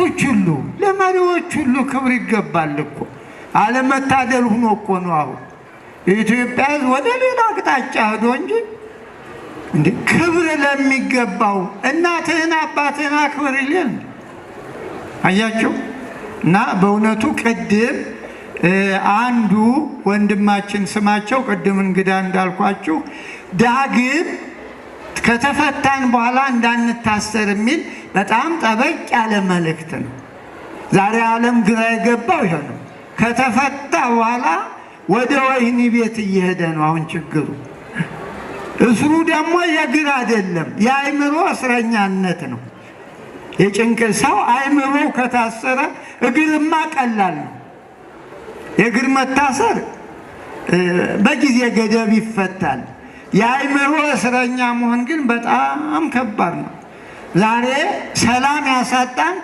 ለወጣቶች ሁሉ ለመሪዎች ሁሉ ክብር ይገባል እኮ። አለመታደል ሁኖ እኮ ነው አሁን ኢትዮጵያ ወደ ሌላ አቅጣጫ ሄዶ እንጂ እንደ ክብር ለሚገባው እናትህን አባትህን አክብር ይላል። አያቸው እና በእውነቱ ቅድም አንዱ ወንድማችን ስማቸው ቅድም እንግዳ እንዳልኳችሁ ዳግም ከተፈታን በኋላ እንዳንታሰር የሚል በጣም ጠበቅ ያለ መልእክት ነው። ዛሬ ዓለም ግራ የገባው ይሄ ከተፈታ በኋላ ወደ ወህኒ ቤት እየሄደ ነው አሁን ችግሩ። እስሩ ደግሞ የእግር አይደለም፣ የአእምሮ እስረኛነት ነው። የጭንቅ ሰው አእምሮው ከታሰረ እግርማ ቀላል ነው። የእግር መታሰር በጊዜ ገደብ ይፈታል። የአእምሮ እስረኛ መሆን ግን በጣም ከባድ ነው። ዛሬ ሰላም ያሳጣን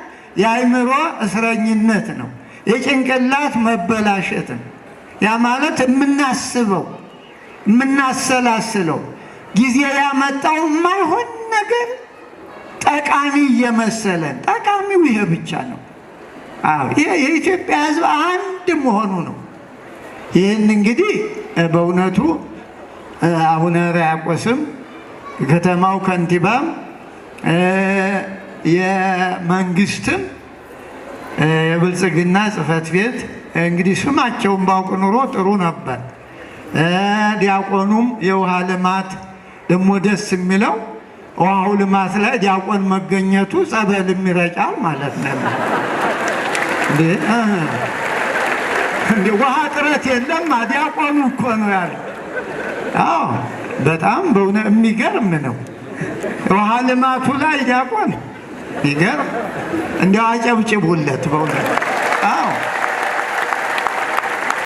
የአእምሮ እስረኝነት ነው፣ የጭንቅላት መበላሸት ነው። ያ ማለት የምናስበው የምናሰላስለው ጊዜ ያመጣው የማይሆን ነገር ጠቃሚ እየመሰለን ጠቃሚው ይሄ ብቻ ነው። አዎ የኢትዮጵያ ሕዝብ አንድ መሆኑ ነው። ይህን እንግዲህ በእውነቱ አቡነ ርያቆስም ከተማው ከንቲባም የመንግስትም የብልጽግና ጽህፈት ቤት እንግዲህ ስማቸውን ባውቅ ኑሮ ጥሩ ነበር። ዲያቆኑም የውሃ ልማት ደግሞ ደስ የሚለው ውሃው ልማት ላይ ዲያቆን መገኘቱ ጸበል ይረጫል ማለት ነው። ውሃ ጥረት የለም። ዲያቆኑ እኮ ነው ያለው። አዎ በጣም በእውነ የሚገርም ነው። ውሃ ልማቱ ላይ ዲያቆን ይገርም። እንዲያው አጨብጭቡለት በእውነት።